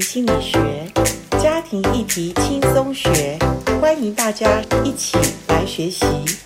心理學家庭議題輕鬆學，歡迎大家一起來學習。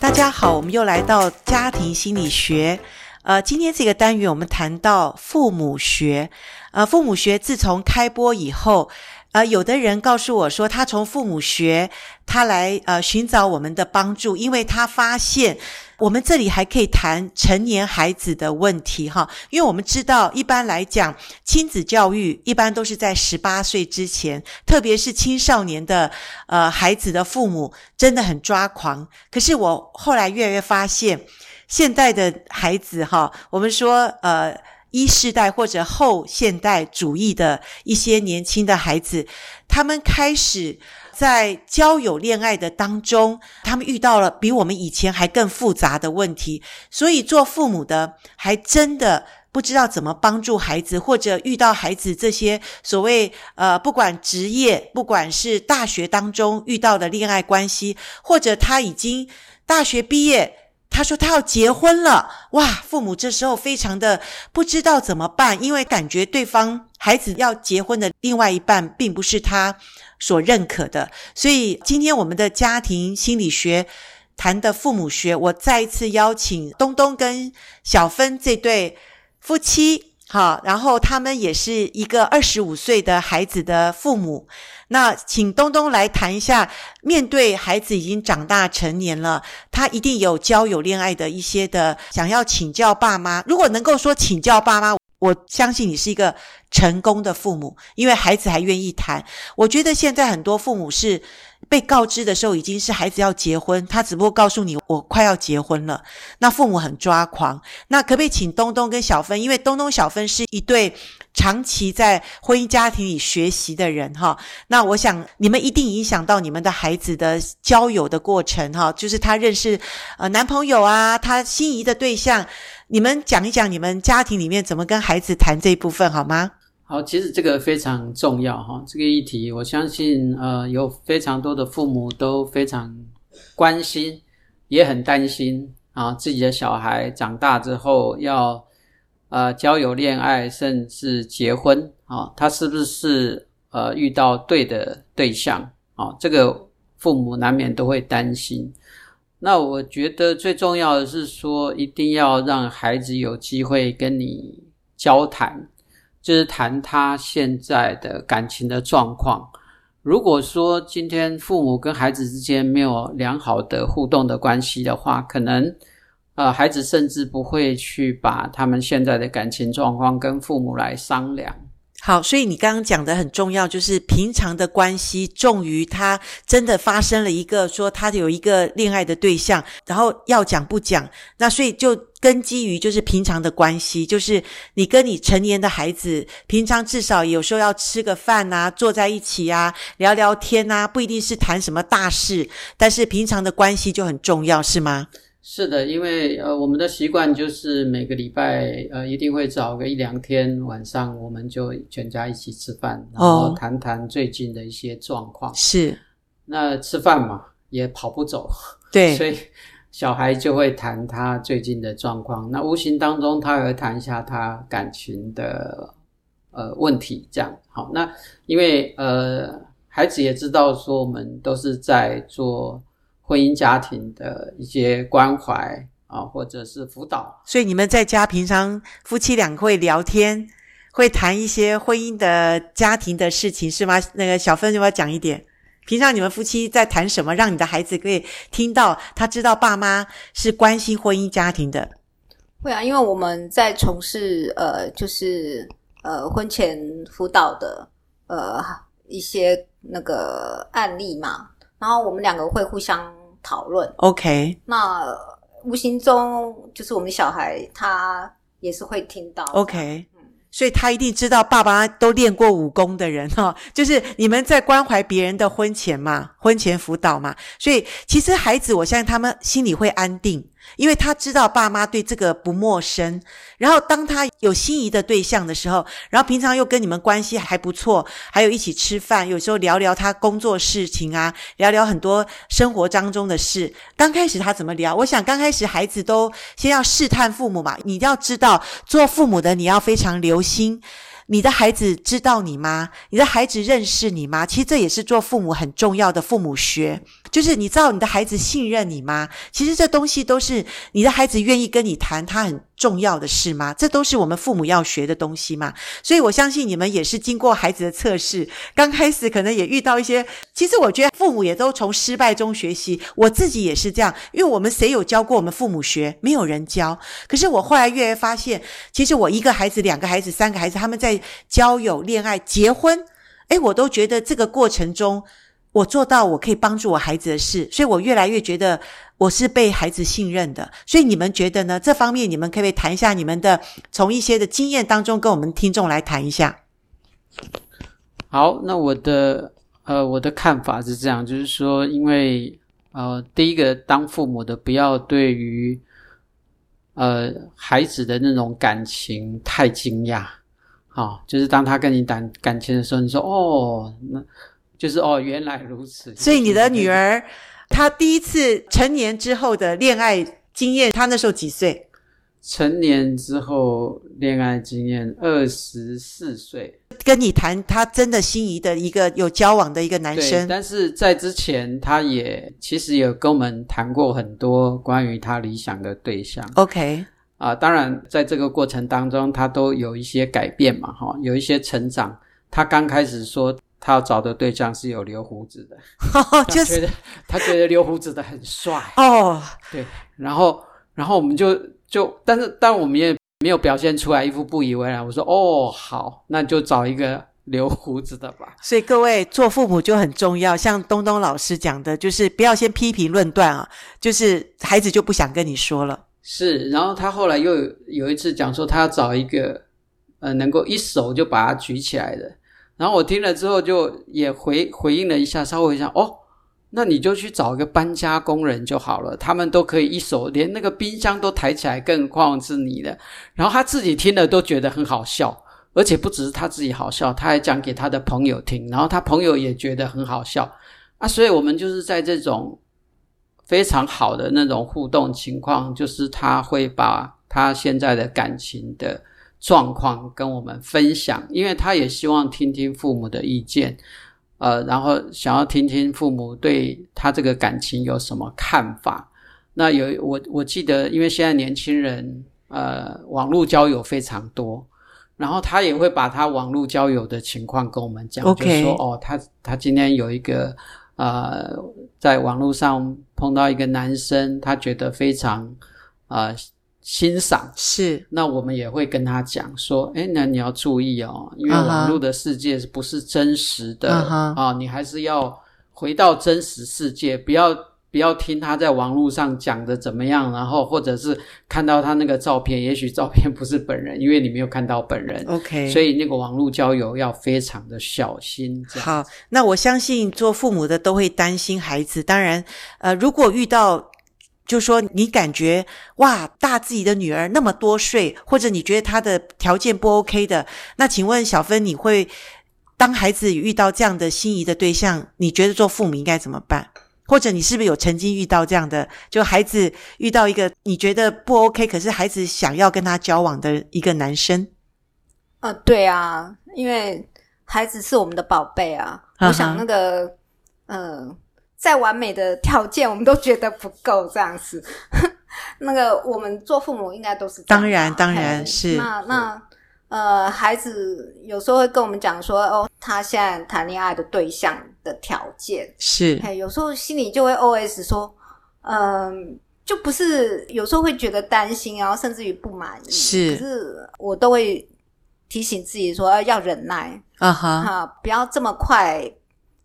大家好，我們又來到家庭心理學。呃，今天這個單元我們談到父母學。呃，父母學自從開播以後。啊，呃，有的人告訴我說，他從父母學，他來呃尋找我們的幫助，因為他發現我們這裡還可以談成年孩子的問題哈，因為我們知道一般來講，親子教育一般都是在十八歲之前，特別是青少年的呃孩子的父母真的很抓狂。可是我後來越來越發現，現代的孩子哈，我們說呃。一世代或者後現代主義的一些年輕的孩子，他們開始在交友戀愛的當中，他們遇到了比我們以前還更複雜的問題，所以做父母的還真的不知道怎麼幫助孩子，或者遇到孩子這些所謂呃，不管職業，不管是大學當中遇到的戀愛關係，或者他已經大學畢業。他說他要結婚了，哇！父母這時候非常的不知道怎麼辦，因為感覺對方孩子要結婚的另外一半並不是他所認可的。所以今天我們的家庭心理學談的父母學，我再一次邀請東東跟小芬這對夫妻。好，然後他們也是一個二十五歲的孩子的父母，那請東東來談一下，面對孩子已經長大成年了，他一定有交友、戀愛的一些的，想要請教爸媽。如果能夠說請教爸媽。我相信你是一個成功的父母，因為孩子還願意談。我覺得現在很多父母是被告知的時候已經是孩子要結婚，他只不過告訴你我快要結婚了，那父母很抓狂。那可不可以請東東跟小芬，因為東東、小芬是一對長期在婚姻家庭裡學習的人哈。那我想你們一定影響到你們的孩子的交友的過程哈，就是他認識呃男朋友啊，他心儀的對象。你們講一講你們家庭裡面怎麼跟孩子談這一部分好嗎？好，其實這個非常重要哈，這個議題我相信呃有非常多的父母都非常關心，也很擔心啊自己的小孩長大之後要呃交友、戀愛，甚至結婚啊，他是不是呃遇到對的對象啊？這個父母難免都會擔心。那我覺得最重要的是說，一定要讓孩子有機會跟你交談，就是談他現在的感情的狀況。如果說今天父母跟孩子之間沒有良好的互動的關係的話，可能，呃，孩子甚至不會去把他們現在的感情狀況跟父母來商量。好，所以你剛剛講的很重要，就是平常的關係重於他真的發生了一個說他有一個戀愛的對象，然後要講不講，那所以就根基於就是平常的關係，就是你跟你成年的孩子，平常至少有時候要吃個飯啊，坐在一起啊，聊聊天啊，不一定是談什麼大事，但是平常的關係就很重要，是嗎？是的，因為呃，我們的習慣就是每個禮拜呃，一定會找個一兩天晚上，我們就全家一起吃飯，然後談談最近的一些狀況。是。Oh. 那吃飯嘛，也跑不走，對，所以小孩就會談他最近的狀況。那無形當中，他也會談一下他感情的呃問題。這樣。好，那因為呃，孩子也知道說我們都是在做。婚姻家庭的一些關懷啊，或者是輔導，所以你們在家平常夫妻兩個會聊天，會談一些婚姻的家庭的事情是嗎？那個小芬要不要講一點？平常你們夫妻在談什麼，讓你的孩子可以聽到，他知道爸媽是關心婚姻家庭的？會啊，因為我們在從事呃，就是呃婚前輔導的呃一些那個案例嘛。然後我們兩個會互相討論，OK。那無形中就是我們小孩他也是會聽到的，OK。嗯。所以他一定知道爸爸都練過武功的人哈、哦，就是你們在關懷別人的婚前嘛，婚前輔導嘛，所以其實孩子我相信他們心裡會安定。因為他知道爸媽對這個不陌生，然後當他有心儀的對象的時候，然後平常又跟你們關係還不錯，還有一起吃飯，有時候聊聊他工作事情啊，聊聊很多生活當中的事。剛開始他怎麼聊？我想剛開始孩子都先要試探父母嘛，你要知道做父母的你要非常留心。你的孩子知道你嗎？你的孩子認識你嗎？其實這也是做父母很重要的父母學，就是你知道你的孩子信任你嗎？其實這東西都是你的孩子願意跟你談，他很重要的事嗎？這都是我們父母要學的東西嘛。所以我相信你們也是經過孩子的測試。剛開始可能也遇到一些，其實我覺得父母也都從失敗中學習。我自己也是這樣，因為我們誰有教過我們父母學？沒有人教。可是我後來越來越發現，其實我一個孩子、兩個孩子、三個孩子，他們在交友、戀愛、結婚，誒，我都覺得這個過程中，我做到我可以幫助我孩子的事，所以我越來越覺得。我是被孩子信任的，所以你們覺得呢？這方面你們可不可以談一下你們的從一些的經驗當中，跟我們聽眾來談一下？好，那我的呃我的看法是這樣，就是說，因為呃，第一個當父母的不要對於呃孩子的那種感情太驚訝，好、哦，就是當他跟你談感情的時候，你說哦，那就是哦，原來如此，所以你的女兒。他第一次成年之後的戀愛經驗，他那時候幾歲？成年之後戀愛經驗，二十四歲。跟你談他真的心儀的一個有交往的一個男生。對，但是在之前，他也其實有跟我們談過很多關於他理想的對象。OK。啊，當然，在這個過程當中，他都有一些改變嘛，哈，有一些成長。他剛開始說，他要找的對象是有留鬍子的，oh, 就是，他覺得他覺得留鬍子的很帥哦，oh. 對，然後然後我們就就，但是但我們也沒有表現出來一副不以為然。我說哦，好，那就找一個留鬍子的吧。所以各位做父母就很重要，像東東老師講的，就是不要先批評論斷啊，就是孩子就不想跟你說了。是，然後他後來又有一次講說，他要找一個呃，能夠一手就把他舉起來的。然後我聽了之後，就也回回應了一下，稍微一下，哦，那你就去找一個搬家工人就好了，他們都可以一手連那個冰箱都抬起來，更何況是你的。然後他自己聽了都覺得很好笑，而且不只是他自己好笑，他還講給他的朋友聽，然後他朋友也覺得很好笑。啊，所以我們就是在這種非常好的那種互動情況，就是他會把他現在的感情的。狀況跟我們分享，因為他也希望聽聽父母的意見，呃，然後想要聽聽父母對他這個感情有什麼看法。那有我我記得，因為現在年輕人呃網絡交友非常多，然後他也會把他網絡交友的情況跟我們講，Okay. 就是說哦，他他今天有一個呃在網絡上碰到一個男生，他覺得非常啊。呃欣賞是，那我們也會跟他講說，哎，那你要注意哦，因為網絡的世界不是真實的，Uh-huh. 啊，你還是要回到真實世界，不要不要聽他在網絡上講的怎麼樣，然後或者是看到他那個照片，也許照片不是本人，因為你沒有看到本人。OK，所以那個網絡交友要非常的小心，這樣。好，那我相信做父母的都會擔心孩子，當然，呃，如果遇到。就說你感覺哇，大自己的女兒那麼多歲，或者你覺得她的條件不 OK 的，那請問小芬，你會當孩子遇到這樣的心儀的對象，你覺得做父母應該怎麼辦？或者你是不是有曾經遇到這樣的，就孩子遇到一個你覺得不 OK，可是孩子想要跟他交往的一個男生？啊、呃，對啊，因為孩子是我們的寶貝啊，呵呵我想那個，嗯、呃。再完美的條件，我們都覺得不夠這樣子。 那個，我們做父母應該都是這樣當然，okay、當然那是那那呃，孩子有時候會跟我們講說，哦，他現在談戀愛的對象的條件是，okay, 有時候心裡就會 OS 說，嗯、呃，就不是有時候會覺得擔心，然後甚至於不滿意，是，可是我都會提醒自己說、啊、要忍耐，uh-huh. 啊哈，不要這麼快，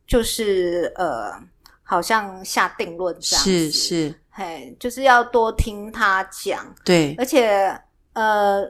就是呃。好像下定論這樣是是嘿，就是要多聽他講對，而且呃，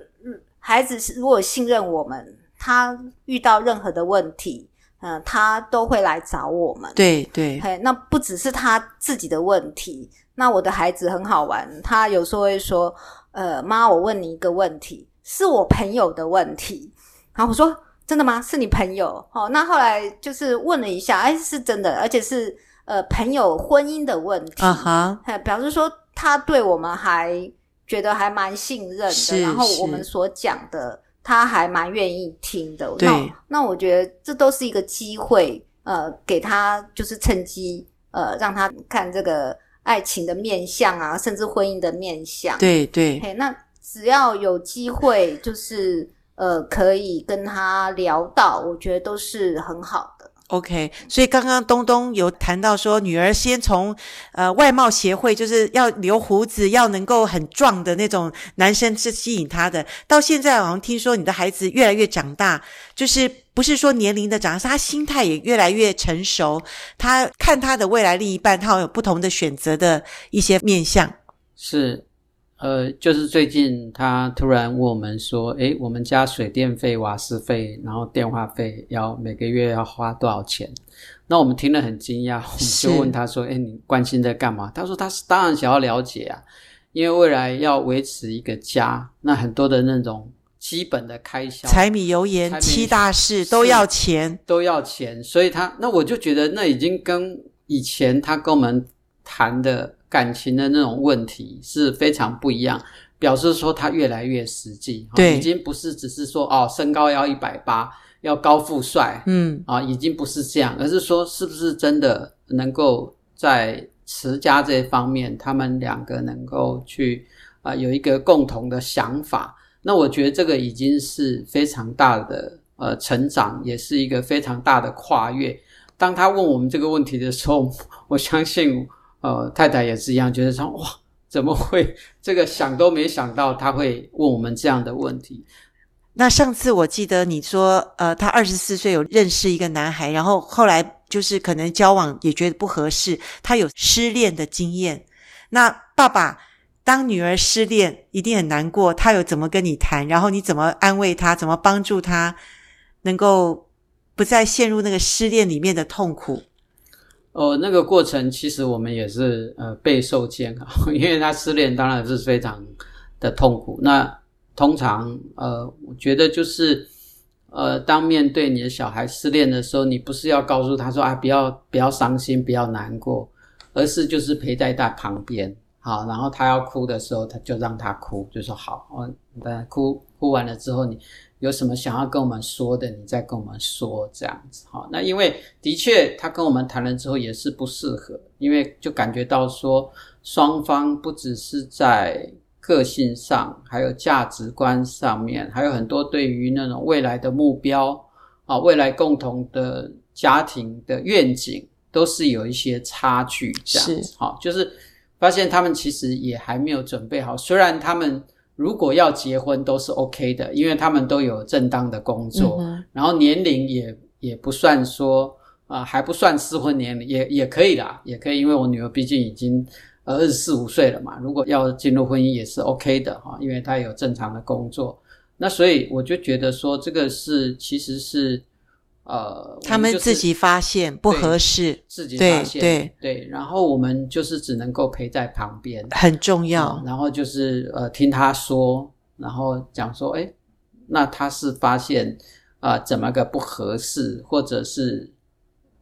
孩子如果信任我們，他遇到任何的問題，嗯、呃，他都會來找我們對對嘿，那不只是他自己的問題。那我的孩子很好玩，他有時候會說，呃，媽，我問你一個問題，是我朋友的問題。然後我說，真的嗎？是你朋友？哦，那後來就是問了一下，哎，是真的，而且是。呃，朋友婚姻的問題，uh -huh. 表示說他對我們還覺得還蠻信任的，然後我們所講的，他還蠻願意聽的。對。那那我覺得這都是一個機會，呃，給他就是趁機，呃，讓他看這個愛情的面相啊，甚至婚姻的面相。對對嘿，那只要有機會，就是呃，可以跟他聊到，我覺得都是很好。OK，所以剛剛東東有談到說，女兒先從，呃，外貌協會就是要留鬍子，要能夠很壯的那種男生是吸引她的。到現在好像聽說你的孩子越來越長大，就是不是說年齡的長大，是他心態也越來越成熟。他看他的未來另一半，他好像有不同的選擇的一些面向。是。呃，就是最近他突然問我們說：“誒，我們家水電費、瓦斯費，然後電話費，要每個月要花多少錢？”那我們聽了很驚訝，我們就問他說：“誒，你關心在幹嘛？”他說：“他是當然想要了解啊，因為未來要維持一個家，那很多的那種基本的開銷，柴米油鹽七大事都要錢，都要錢。”所以他，他那我就覺得，那已經跟以前他跟我們談的。感情的那種問題是非常不一樣，表示說他越來越實際，對，已經不是只是說哦身高要一百八，要高富帥，嗯啊、哦，已經不是這樣，而是說是不是真的能夠在持家這方面，他們兩個能夠去啊、呃、有一個共同的想法。那我覺得這個已經是非常大的呃成長，也是一個非常大的跨越。當他問我們這個問題的時候，我相信。呃，太太也是一樣，覺得說哇，怎麼會這個想都沒想到他會問我們這樣的問題。那上次我記得你說，呃，他二十四歲有認識一個男孩，然後後來就是可能交往也覺得不合適，他有失戀的經驗。那爸爸當女兒失戀一定很難過，她有怎麼跟你談？然後你怎麼安慰她？怎麼幫助她能夠不再陷入那個失戀裡面的痛苦？哦，那個過程其實我們也是呃備受煎熬，因為他失戀當然是非常的痛苦。那通常呃，我覺得就是呃，當面對你的小孩失戀的時候，你不是要告訴他說啊，不要不要傷心，不要難過，而是就是陪在他旁邊，好，然後他要哭的時候，他就讓他哭，就說好哦，你哭。呼完了之後，你有什麼想要跟我們說的，你再跟我們說，這樣子好。那因為的確，他跟我們談了之後也是不適合，因為就感覺到說，雙方不只是在個性上，還有價值觀上面，還有很多對於那種未來的目標啊，未來共同的家庭的願景，都是有一些差距，這樣子是好，就是發現他們其實也還沒有準備好，雖然他們。如果要結婚都是 OK 的，因為他們都有正當的工作，嗯、然後年齡也也不算說啊、呃，還不算適婚年齡，也也可以啦，也可以。因為我女兒畢竟已經呃二十四五歲了嘛，如果要進入婚姻也是 OK 的哈，因為她有正常的工作。那所以我就覺得說，這個是其實是。呃，他們，我們、就是、自己發現不合適，自己發現，對對對，然後我們就是只能夠陪在旁邊，很重要。嗯、然後就是呃，聽他說，然後講說，誒、欸，那他是發現啊、呃、怎麼個不合適，或者是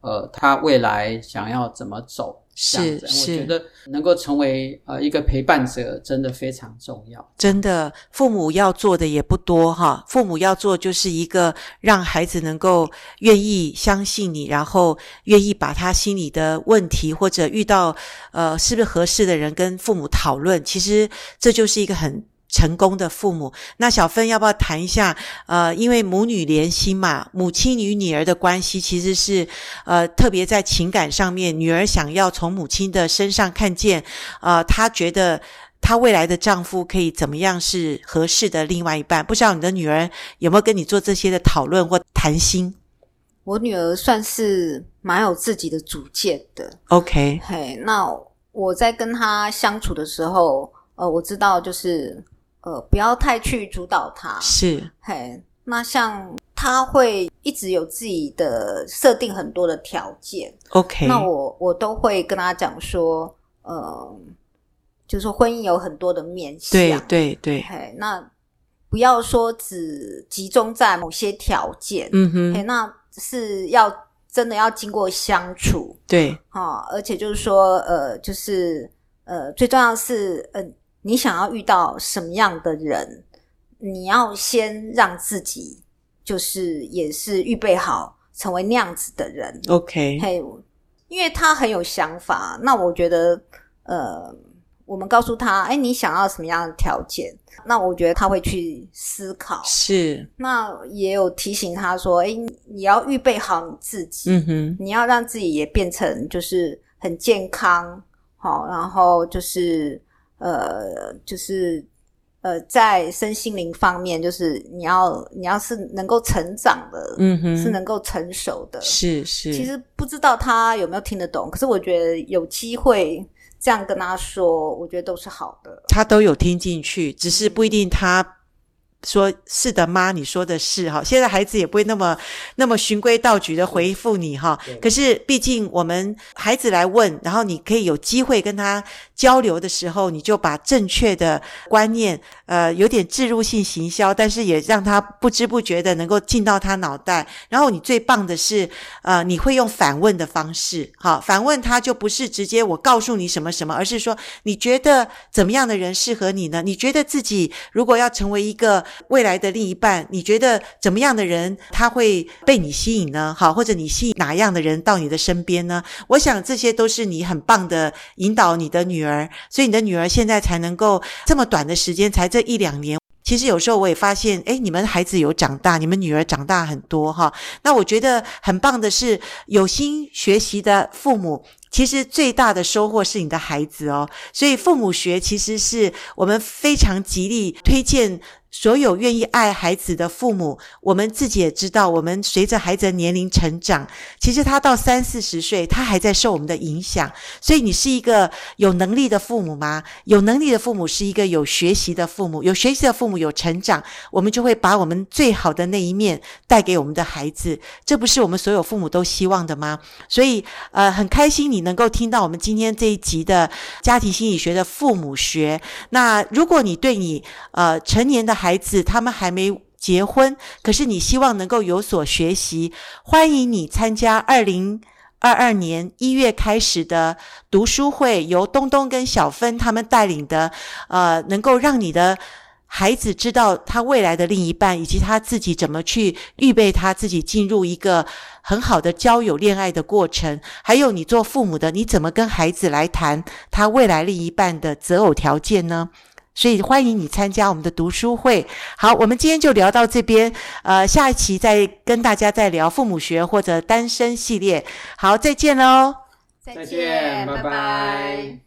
呃他未來想要怎麼走。是，是，我覺得能夠成為呃一個陪伴者，真的非常重要。真的，父母要做的也不多哈，父母要做就是一個讓孩子能夠願意相信你，然後願意把他心裡的問題或者遇到呃是不是合適的人跟父母討論，其實這就是一個很成功的父母，那小芬要不要談一下？呃，因為母女連心嘛，母親與女兒的關係其實是，呃，特別在情感上面，女兒想要從母親的身上看見，呃，她覺得她未來的丈夫可以怎麼樣是合適的另外一半。不知道你的女兒有沒有跟你做這些的討論或談心？我女兒算是蠻有自己的主見的。OK，嘿，那我在跟她相處的時候，呃，我知道就是。呃，不要太去主導他，是嘿。那像他會一直有自己的設定，很多的條件。OK，那我我都會跟他講說，呃，就是說婚姻有很多的面向，對對對。嘿，那不要說只集中在某些條件，嗯哼。嘿，那是要真的要經過相處，對啊、哦。而且就是說，呃，就是呃，最重要的是，嗯、呃。你想要遇到什麼樣的人？你要先讓自己，就是也是預備好成為那樣子的人。OK，嘿，因為他很有想法。那我覺得，呃，我們告訴他，哎，你想要什麼樣的條件？那我覺得他會去思考。是，那也有提醒他說，哎，你要預備好你自己。嗯哼，你要讓自己也變成就是很健康，好，然後就是。呃，就是呃，在身心靈方面，就是你要你要是能夠成長的，嗯哼，是能夠成熟的，是是。其實不知道他有沒有聽得懂，可是我覺得有機會這樣跟他說，我覺得都是好的。他都有聽進去，只是不一定他。嗯說是的，媽，你說的是哈。現在孩子也不會那麼那麼循規蹈矩的回復你哈。可是畢竟我們孩子來問，然後你可以有機會跟他交流的時候，你就把正確的觀念，呃，有點置入性行銷，但是也讓他不知不覺的能夠進到他腦袋。然後你最棒的是，呃，你會用反問的方式，哈，反問他就不是直接我告訴你什麼什麼，而是說你覺得怎麼樣的人適合你呢？你覺得自己如果要成為一個。未來的另一半，你覺得怎麼樣的人他會被你吸引呢？好，或者你吸引哪樣的人到你的身邊呢？我想這些都是你很棒的引導你的女兒，所以你的女兒現在才能夠這麼短的時間，才這一兩年。其實有時候我也發現，誒、哎，你們孩子有長大，你們女兒長大很多哈。那我覺得很棒的是，有心學習的父母，其實最大的收穫是你的孩子哦。所以父母學其實是我們非常極力推薦。所有願意愛孩子的父母，我們自己也知道，我們隨着孩子的年齡成長，其實他到三四十歲，他還在受我們的影響。所以，你是一個有能力的父母嗎？有能力的父母是一個有學習的父母，有學習的父母有成長，我們就會把我們最好的那一面帶給我們的孩子。這不是我們所有父母都希望的嗎？所以，呃，很開心你能夠聽到我們今天這一集的家庭心理學的父母學。那如果你對你呃成年的孩，孩子他們還沒結婚，可是你希望能夠有所學習。歡迎你參加二零二二年一月開始的讀書會，由東東跟小芬他們帶領的，呃，能夠讓你的孩子知道他未來的另一半，以及他自己怎麼去預備他自己進入一個很好的交友戀愛的過程。還有，你做父母的，你怎麼跟孩子來談他未來另一半的擇偶條件呢？所以歡迎你參加我們的讀書會。好，我們今天就聊到這邊，呃，下一期再跟大家再聊父母學或者單身系列。好，再見嘍！再見，拜拜。